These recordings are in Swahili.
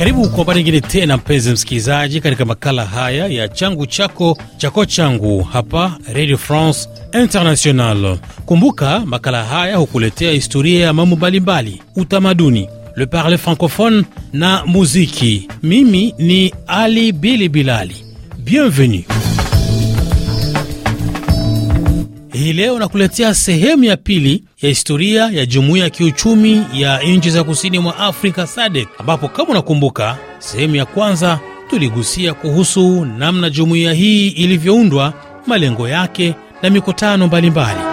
Karibu kwa habari nyingine tena, mpenzi msikilizaji, katika makala haya ya changu chako chako changu hapa Radio France International. Kumbuka makala haya hukuletea historia ya mambo mbalimbali, utamaduni, le parle francophone na muziki. Mimi ni Ali Bili Bilali, bienvenue. Hii leo nakuletea sehemu ya pili ya historia ya jumuiya ya kiuchumi ya nchi za kusini mwa Afrika SADC, ambapo kama unakumbuka, sehemu ya kwanza tuligusia kuhusu namna jumuiya hii ilivyoundwa, malengo yake na mikutano mbalimbali.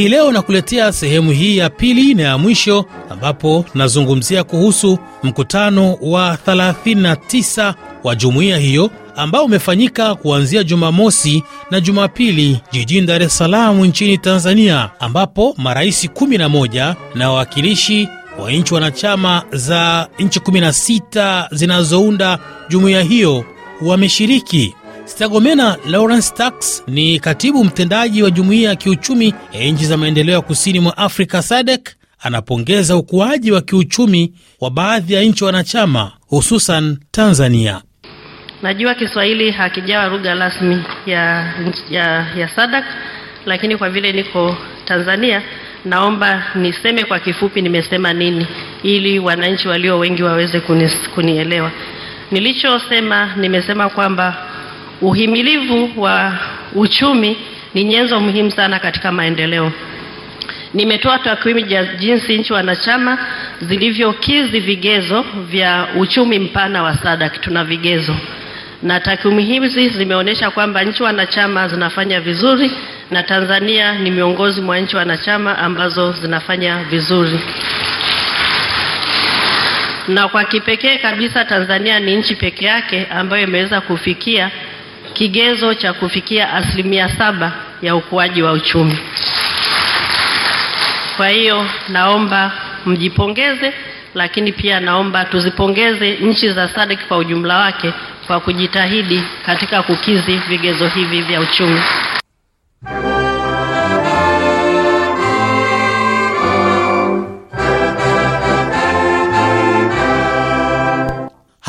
Hii leo nakuletea sehemu hii ya pili na ya mwisho, ambapo nazungumzia kuhusu mkutano wa 39 wa jumuiya hiyo ambao umefanyika kuanzia Jumamosi na Jumapili jijini Dar es salamu nchini Tanzania, ambapo marais 11 na wawakilishi wa nchi wanachama za nchi 16 zinazounda jumuiya hiyo wameshiriki stagomena Lawrence Tax ni katibu mtendaji wa jumuiya ya kiuchumi ya nchi za maendeleo ya kusini mwa Afrika SADC anapongeza ukuaji wa kiuchumi wa baadhi ya nchi wanachama hususan Tanzania. Najua Kiswahili hakijawa lugha rasmi ya, ya, ya SADC, lakini kwa vile niko Tanzania naomba niseme kwa kifupi nimesema nini ili wananchi walio wengi waweze kunis, kunielewa. Nilichosema nimesema kwamba Uhimilivu wa uchumi ni nyenzo muhimu sana katika maendeleo. Nimetoa takwimu ya jinsi nchi wanachama zilivyokizi vigezo vya uchumi mpana wa SADC. Tuna vigezo na takwimu hizi zimeonyesha kwamba nchi wanachama zinafanya vizuri na Tanzania ni miongoni mwa nchi wanachama ambazo zinafanya vizuri na kwa kipekee kabisa Tanzania ni nchi peke yake ambayo imeweza kufikia kigezo cha kufikia asilimia saba ya ukuaji wa uchumi. Kwa hiyo naomba mjipongeze, lakini pia naomba tuzipongeze nchi za SADC kwa ujumla wake kwa kujitahidi katika kukizi vigezo hivi vya uchumi.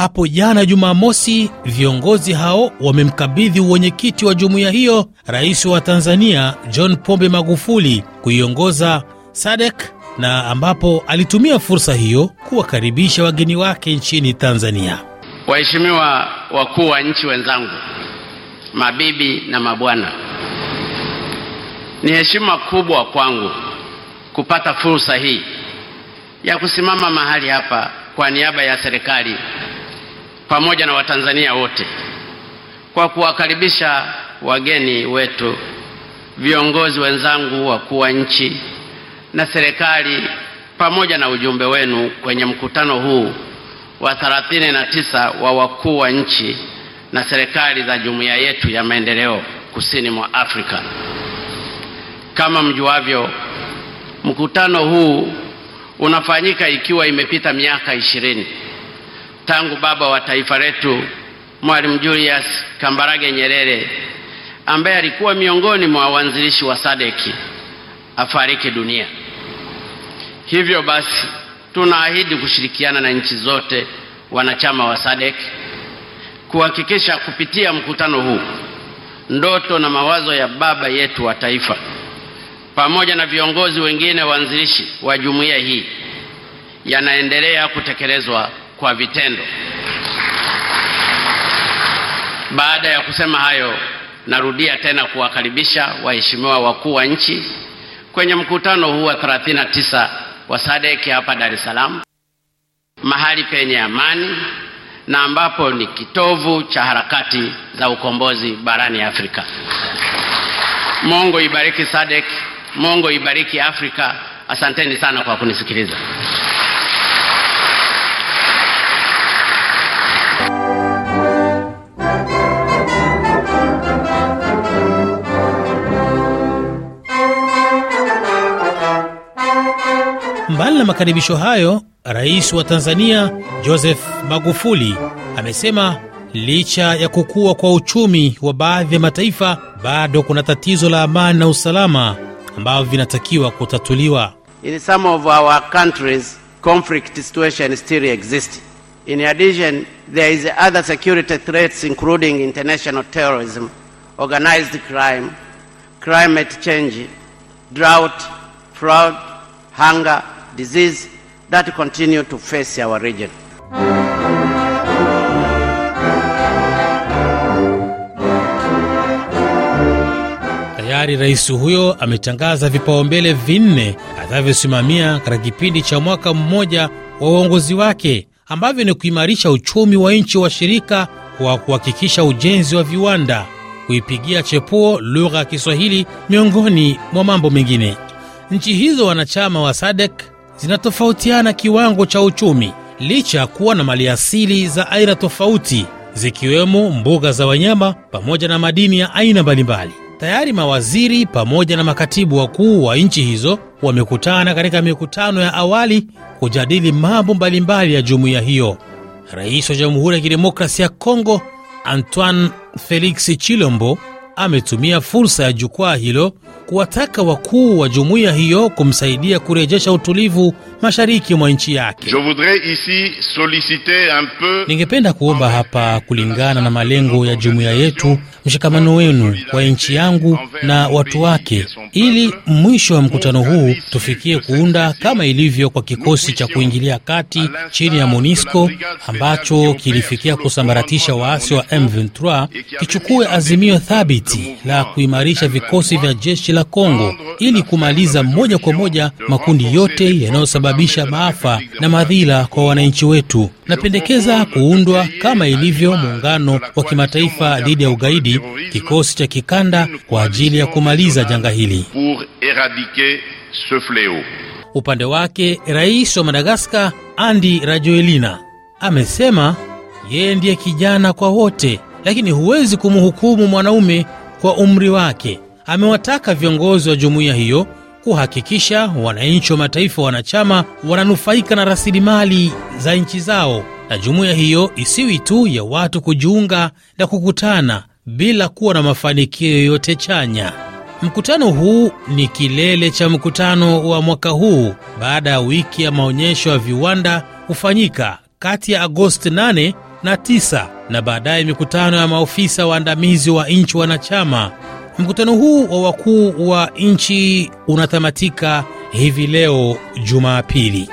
Hapo jana Jumamosi, viongozi hao wamemkabidhi uwenyekiti wa jumuiya hiyo rais wa Tanzania John Pombe Magufuli kuiongoza SADC na ambapo alitumia fursa hiyo kuwakaribisha wageni wake nchini Tanzania. Waheshimiwa wakuu wa nchi wenzangu, mabibi na mabwana, ni heshima kubwa kwangu kupata fursa hii ya kusimama mahali hapa kwa niaba ya serikali pamoja na Watanzania wote kwa kuwakaribisha wageni wetu, viongozi wenzangu, wakuu wa nchi na serikali, pamoja na ujumbe wenu kwenye mkutano huu wa 39 wa wakuu wa nchi na serikali za jumuiya yetu ya maendeleo kusini mwa Afrika. Kama mjuavyo, mkutano huu unafanyika ikiwa imepita miaka ishirini tangu baba wa taifa letu Mwalimu Julius Kambarage Nyerere ambaye alikuwa miongoni mwa waanzilishi wa Sadeki afariki dunia. Hivyo basi, tunaahidi kushirikiana na nchi zote wanachama wa Sadek kuhakikisha kupitia mkutano huu ndoto na mawazo ya baba yetu wa taifa pamoja na viongozi wengine waanzilishi wa jumuiya hii yanaendelea kutekelezwa kwa vitendo. Baada ya kusema hayo, narudia tena kuwakaribisha waheshimiwa wakuu wa nchi kwenye mkutano huu wa 39 wa SADC hapa Dar es Salaam, mahali penye amani na ambapo ni kitovu cha harakati za ukombozi barani Afrika. Mungu ibariki SADC, Mungu ibariki Afrika. Asanteni sana kwa kunisikiliza. Mbali na makaribisho hayo, rais wa Tanzania Joseph Magufuli amesema licha ya kukua kwa uchumi wa baadhi ya mataifa bado kuna tatizo la amani na usalama ambavyo vinatakiwa kutatuliwa. In some of our countries conflict situation still exists. In addition there is other security threats including international terrorism, organized crime, climate change, drought, hunger disease that continue to face our region. Tayari rais huyo ametangaza vipaumbele vinne atavyosimamia katika kipindi cha mwaka mmoja wa uongozi wake ambavyo ni kuimarisha uchumi wa nchi wa shirika kwa kuhakikisha ujenzi wa viwanda, kuipigia chepuo lugha ya Kiswahili miongoni mwa mambo mengine. Nchi hizo wanachama wa SADC zinatofautiana kiwango cha uchumi licha ya kuwa na maliasili za aina tofauti zikiwemo mbuga za wanyama pamoja na madini ya aina mbalimbali. Tayari mawaziri pamoja na makatibu wakuu wa nchi hizo wamekutana katika mikutano ya awali kujadili mambo mbalimbali ya jumuiya hiyo. Rais wa Jamhuri ya kidemokrasi ya Kongo Antoine Felix Chilombo ametumia fursa ya jukwaa hilo kuwataka wakuu wa jumuiya hiyo kumsaidia kurejesha utulivu mashariki mwa nchi yake. Ningependa kuomba hapa, kulingana na malengo ya jumuiya yetu mshikamano wenu kwa nchi yangu na watu wake, ili mwisho wa mkutano huu tufikie kuunda kama ilivyo kwa kikosi cha kuingilia kati chini ya MONUSCO ambacho kilifikia kusambaratisha waasi wa M23, kichukue azimio thabiti la kuimarisha vikosi vya jeshi la Kongo ili kumaliza moja kwa moja makundi yote yanayosababisha maafa na madhila kwa wananchi wetu. Napendekeza kuundwa kama ilivyo muungano wa kimataifa dhidi ya ugaidi, kikosi cha kikanda kwa ajili ya kumaliza janga hili. Upande wake, rais wa Madagaskar Andi Rajoelina amesema yeye ndiye kijana kwa wote, lakini huwezi kumhukumu mwanaume kwa umri wake. Amewataka viongozi wa jumuiya hiyo kuhakikisha wananchi wa mataifa wanachama wananufaika na rasilimali za nchi zao, na jumuiya hiyo isiwi tu ya watu kujiunga na kukutana bila kuwa na mafanikio yoyote chanya. Mkutano huu ni kilele cha mkutano wa mwaka huu baada ya wiki ya maonyesho ya viwanda hufanyika kati ya Agosti 8 na 9 na baadaye mikutano ya maofisa waandamizi wa nchi wanachama Mkutano huu wa wakuu wa nchi unatamatika hivi leo Jumapili.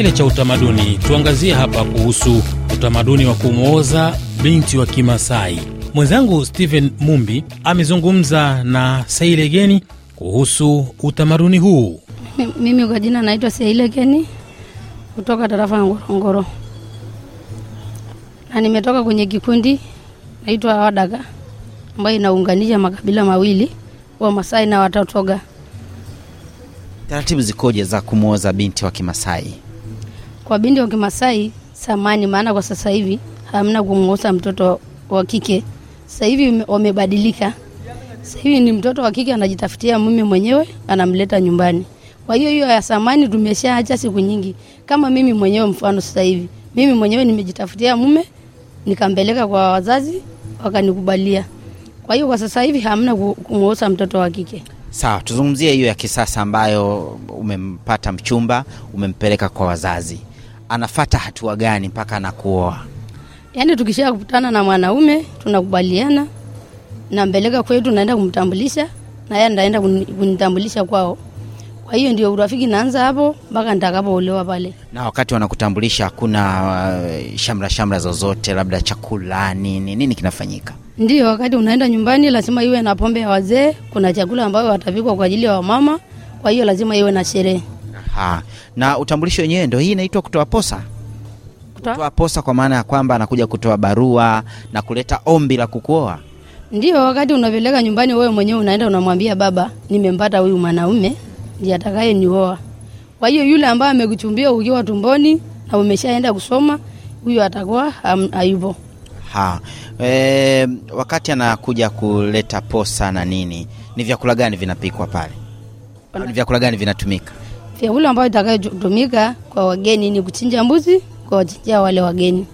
kingine cha utamaduni, tuangazie hapa kuhusu utamaduni wa kumwoza binti wa Kimasai. Mwenzangu Stephen Mumbi amezungumza na Sailegeni kuhusu utamaduni huu. Mimi kwa jina naitwa Sailegeni kutoka tarafa ya Ngorongoro na nimetoka kwenye kikundi naitwa Wadaga ambayo inaunganisha makabila mawili Wamasai na Watatoga. Taratibu zikoje za kumwoza binti wa Kimasai? Kwa binti wa Kimasai samani, maana kwa sasa hivi hamna kumngosa mtoto wa kike. Sasa hivi wamebadilika, sasa hivi ni mtoto wa kike anajitafutia mume mwenyewe, anamleta nyumbani. Kwa hiyo hiyo ya samani tumeshaacha siku nyingi. Kama mimi mwenyewe mfano, sasa hivi mimi mwenyewe nimejitafutia mume, nikampeleka kwa wazazi wakanikubalia. Kwa hiyo kwa sasa hivi hamna kumwosa mtoto wa kike. Sawa, tuzungumzie hiyo ya kisasa ambayo umempata mchumba, umempeleka kwa wazazi anafata hatua gani mpaka anakuoa? Yaani tukisha kukutana na mwanaume tunakubaliana, nampeleka kwetu, naenda kumtambulisha na yeye anaenda kunitambulisha kwao. Kwa hiyo ndio urafiki naanza hapo mpaka nitakapoolewa pale. Na wakati wanakutambulisha, kuna uh, shamra shamra zozote, labda chakula, nini nini kinafanyika? Ndio wakati unaenda nyumbani, lazima iwe na pombe ya wazee. Kuna chakula ambayo watapikwa kwa ajili ya wamama, kwa hiyo lazima iwe na sherehe. Aha. Na utambulisho wenyewe ndio hii inaitwa kutoa posa kutoa posa kwa maana ya kwamba anakuja kutoa barua na kuleta ombi la kukuoa. Ndio wakati unapeleka nyumbani, wewe mwenyewe unaenda unamwambia baba, nimempata huyu mwanaume ndiye atakaye nioa. Kwa hiyo yule ambaye amekuchumbia ukiwa tumboni na umeshaenda kusoma, huyo atakuwa hayupo. Ha. E, ehm, wakati anakuja kuleta posa na nini, ni vyakula gani vinapikwa pale? Ni vyakula gani vinatumika? Vyakula ambayo itakayotumika kwa wageni ni kuchinja mbuzi, kuwachinjia wale wageni.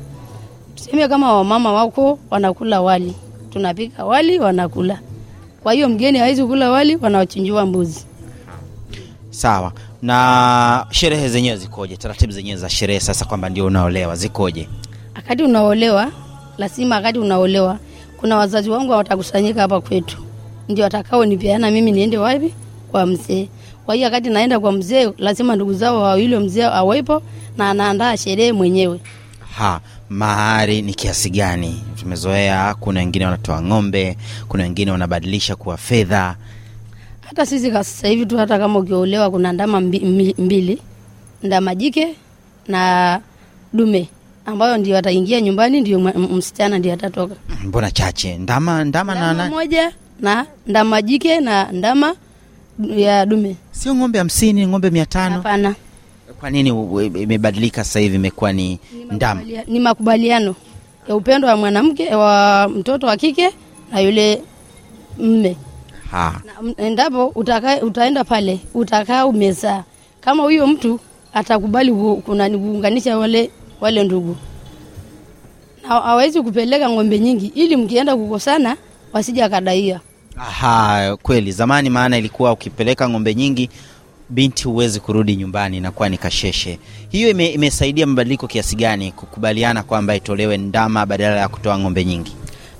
Tuseme kama wamama wako wanakula wali, tunapika wali, wanakula. Kwa hiyo mgeni hawezi kula wali, wanawachinjia mbuzi. Sawa. Na sherehe zenyewe zikoje? Taratibu zenyewe za sherehe sasa, kwamba ndio unaolewa zikoje? Akati unaolewa, lazima akati unaolewa kuna wazazi wangu watakusanyika hapa kwetu, ndio watakao nipeana mimi niende wapi kwa mzee kwa hiyo wakati naenda kwa mzee, lazima ndugu zao wa yule mzee awepo na anaandaa sherehe mwenyewe. Ha, mahari ni kiasi gani? Tumezoea, kuna wengine wanatoa ng'ombe, kuna wengine wanabadilisha kuwa fedha. Hata sisi sasa hivi tu, hata kama ukiolewa, kuna ndama mbili, ndama jike na dume ambayo ndio ataingia nyumbani, ndio msichana ndio atatoka. Mbona chache? Ndama ndama, ndama na moja na ndama jike na ndama ya dume, sio ng'ombe hamsini, ng'ombe mia tano? Hapana. Kwa nini imebadilika sasa hivi imekuwa ni ndama? Ni makubaliano ya upendo wa mwanamke wa mtoto wa kike na yule mme. Mm, endapo utaenda pale utakaa umezaa, kama huyo mtu atakubali kuunganisha wale, wale ndugu, na hawezi kupeleka ng'ombe nyingi ili mkienda kukosana wasija kadaia Aha, kweli zamani, maana ilikuwa ukipeleka ng'ombe nyingi binti huwezi kurudi nyumbani, inakuwa ni kasheshe. Hiyo ime, imesaidia mabadiliko kiasi gani kukubaliana kwamba itolewe ndama badala ya kutoa ng'ombe nyingi?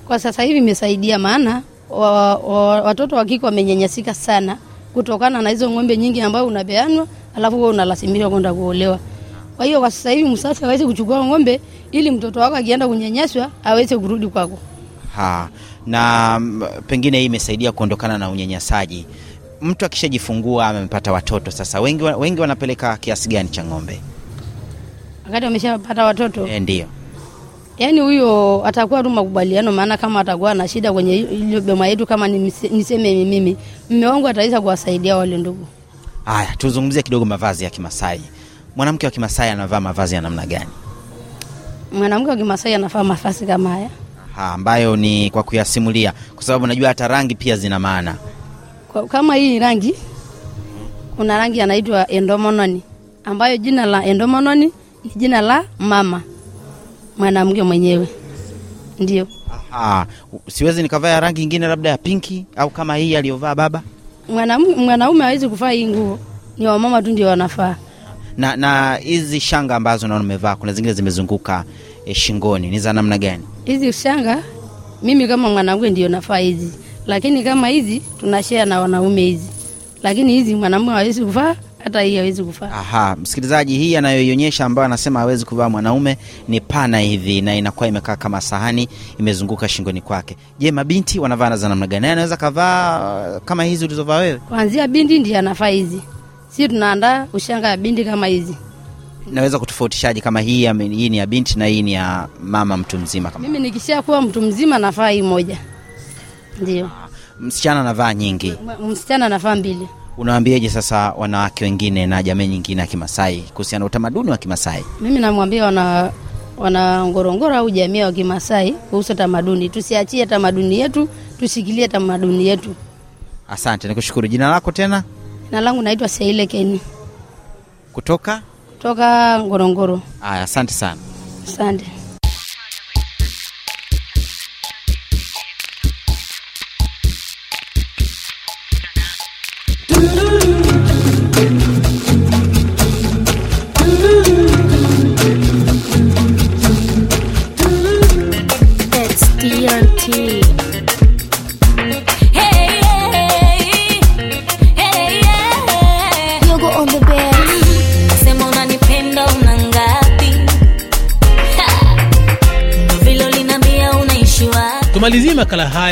Kwa sasa hivi imesaidia, maana wa, wa, watoto wa kike wamenyanyasika sana kutokana na hizo ng'ombe nyingi ambayo unabeanwa, alafu wewe unalasimishwa kwenda kuolewa. Kwa hiyo kwa sasa hivi msafi hawezi kuchukua ng'ombe ili mtoto wako akienda kunyanyaswa aweze kurudi kwako. Ha na mm, pengine hii imesaidia kuondokana na unyanyasaji. Mtu akishajifungua amepata watoto sasa, wengi, wengi wanapeleka kiasi gani cha ng'ombe wakati wameshapata watoto? E, ndio Yaani huyo atakuwa tu makubaliano, maana kama atakuwa na shida kwenye ile boma yetu, kama niseme mimi mme wangu ataweza kuwasaidia wale ndugu. Haya, tuzungumzie kidogo mavazi ya Kimasai. Mwanamke wa Kimasai anavaa mavazi ya namna gani? Mwanamke wa Kimasai anavaa mavazi kama haya ha, ambayo ni kwa kuyasimulia, kwa sababu najua hata rangi pia zina maana kama hii rangi. Kuna rangi anaitwa endomononi, ambayo jina la endomononi ni jina la mama mwanamke mwenyewe, ndio. Aha, siwezi nikavaa rangi nyingine, labda ya pinki au kama hii aliyovaa baba. Mwanaume hawezi kuvaa hii nguo, ni wamama tu ndio wanafaa. Na na hizi shanga ambazo naona umevaa, kuna zingine zimezunguka e, shingoni ni za namna gani hizi ushanga? Mimi kama mwanamke ndio nafaa hizi, lakini kama hizi tunashare na wanaume hizi, lakini hizi mwanamume hawezi kuvaa hata hii hawezi kuvaa. Aha, msikilizaji, hii anayoionyesha ambayo anasema hawezi kuvaa mwanaume ni pana hivi na inakuwa imekaa kama sahani imezunguka shingoni kwake. Je, mabinti wanavaa za namna gani? Yaani anaweza kavaa uh, kama hizi ulizovaa wewe? Kuanzia binti ndiye anafaa hizi, si tunaandaa ushanga ya binti kama hizi naweza kutofautishaje kama hii, hii ni ya binti na hii ni ya mama mtu mzima? Kama mimi nikisha kuwa mtu mzima nafaa hii moja, ndio. Ah, msichana anavaa nyingi, msichana anavaa mbili. Unawaambiaje sasa wanawake wengine na jamii nyingine ya Kimasai kuhusiana na utamaduni wa Kimasai? Mimi namwambia wana wana Ngorongoro au jamii wa Kimasai kuhusu tamaduni, tusiachie tamaduni yetu, tushikilie tamaduni yetu. Asante, nikushukuru. Jina lako tena? Jina langu naitwa saile Keni kutoka toka Ngorongoro. Aya, ah, asante sana. Asante.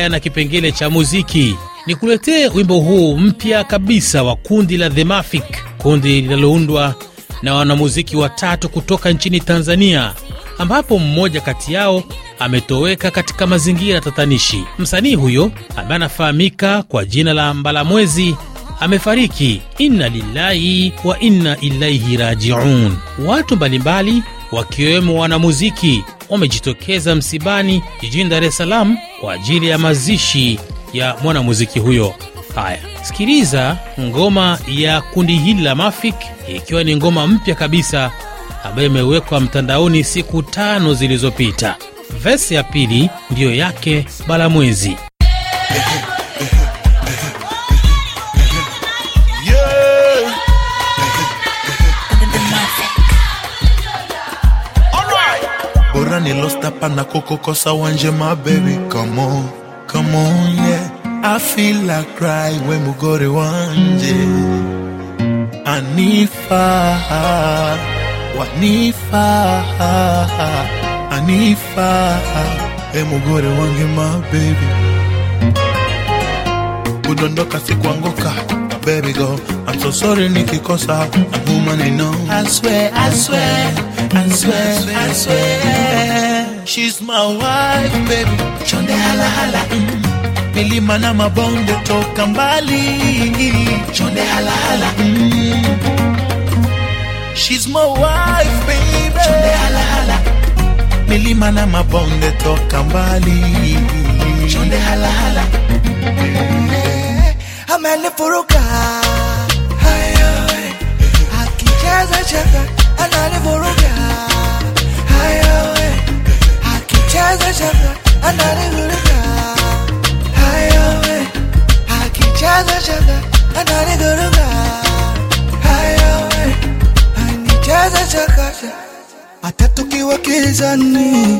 haya na kipengele cha muziki, nikuletee wimbo huu mpya kabisa wa kundi la themafic kundi linaloundwa na wanamuziki watatu kutoka nchini Tanzania, ambapo mmoja kati yao ametoweka katika mazingira tatanishi. Msanii huyo ambaye anafahamika kwa jina la Mbalamwezi amefariki. Inna lillahi wa inna ilaihi rajiun. Watu mbalimbali wakiwemo wanamuziki wamejitokeza msibani jijini Dar es Salaam kwa ajili ya mazishi ya mwanamuziki huyo. Haya, sikiliza ngoma ya kundi hili la Mafik, ikiwa ni ngoma mpya kabisa ambayo imewekwa mtandaoni siku tano zilizopita. Vesi ya pili ndiyo yake Balamwezi. ni lost up and I coco cause I want you my baby come on come on yeah I feel like cry when we go to one Anifa Wanifa Anifa Emugore wange my baby Kudondoka sikuangoka baby girl. I'm so sorry, Nikki, cause I, I'm woman, I know. I swear, I swear, I swear, I swear. She's my wife, baby. Chonde hala hala. Mm. Milima na mabonde toka mbali. Chonde hala hala. Mm. She's my wife, baby. Chonde hala hala. Milima na mabonde toka mbali. Chonde hala hala. Mm amenifuruka akicheza cheza ananivuruga akicheza cheza ananivuruga akicheza cheza ananivuruga anicheza chakasha nuru tukiwa kizani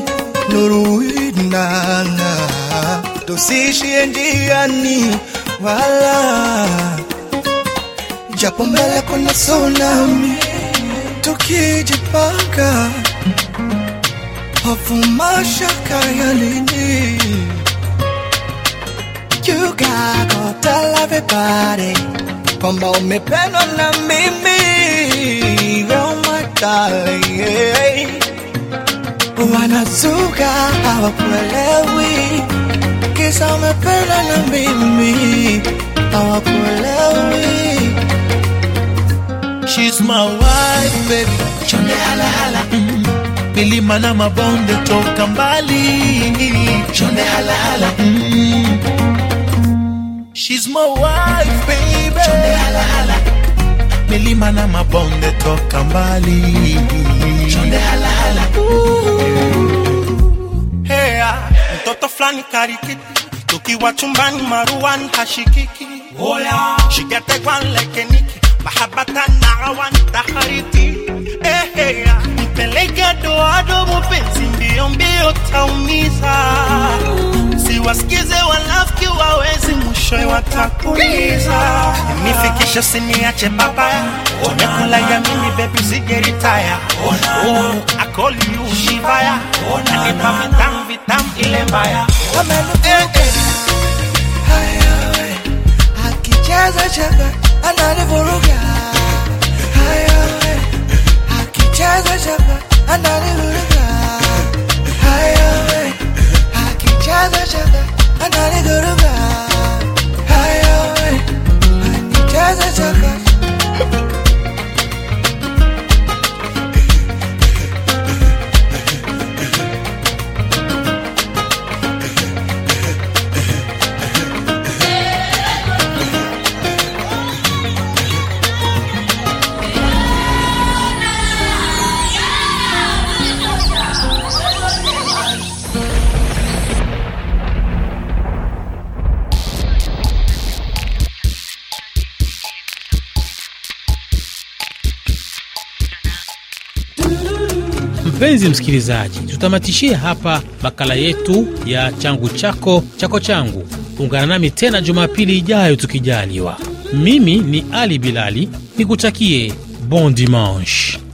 nuruinana tusiishie njiani wala japo mbele kuna tsunami, tukijipanga hofu mashaka ya lini Chicago, kwamba umependwa na mimi oh my darling, yeah. kabisa umependa na mimi hawakuelewi She's my wife baby chonde hala hala mm. milima na mabonde toka mbali chonde hala hala mm. She's my wife baby chonde hala hala milima na mabonde toka mbali chonde hala hala Ooh. mtoto flani karikiti, tukiwa chumbani maruan hashikiki, shikategwa lekeniki mahabata na awan tahariti eh, eh mpeleka doado mupenzi mbio taumiza, mm. siwasikize wala ukiwa wezi mwisho watakuliza. Nifikishe siniache baba, umekula ya mimi baby sije retire. Ona akoli ushivaya, ona nipa vitam vitam ile mbaya. Eh, eh. Akicheza chaga ananivuruga, akicheza chaga ananivuruga another girl Mpenzi msikilizaji, tutamatishia hapa makala yetu ya changu chako chako changu. Ungana nami tena Jumapili ijayo tukijaliwa. Mimi ni Ali Bilali, nikutakie bon dimanche.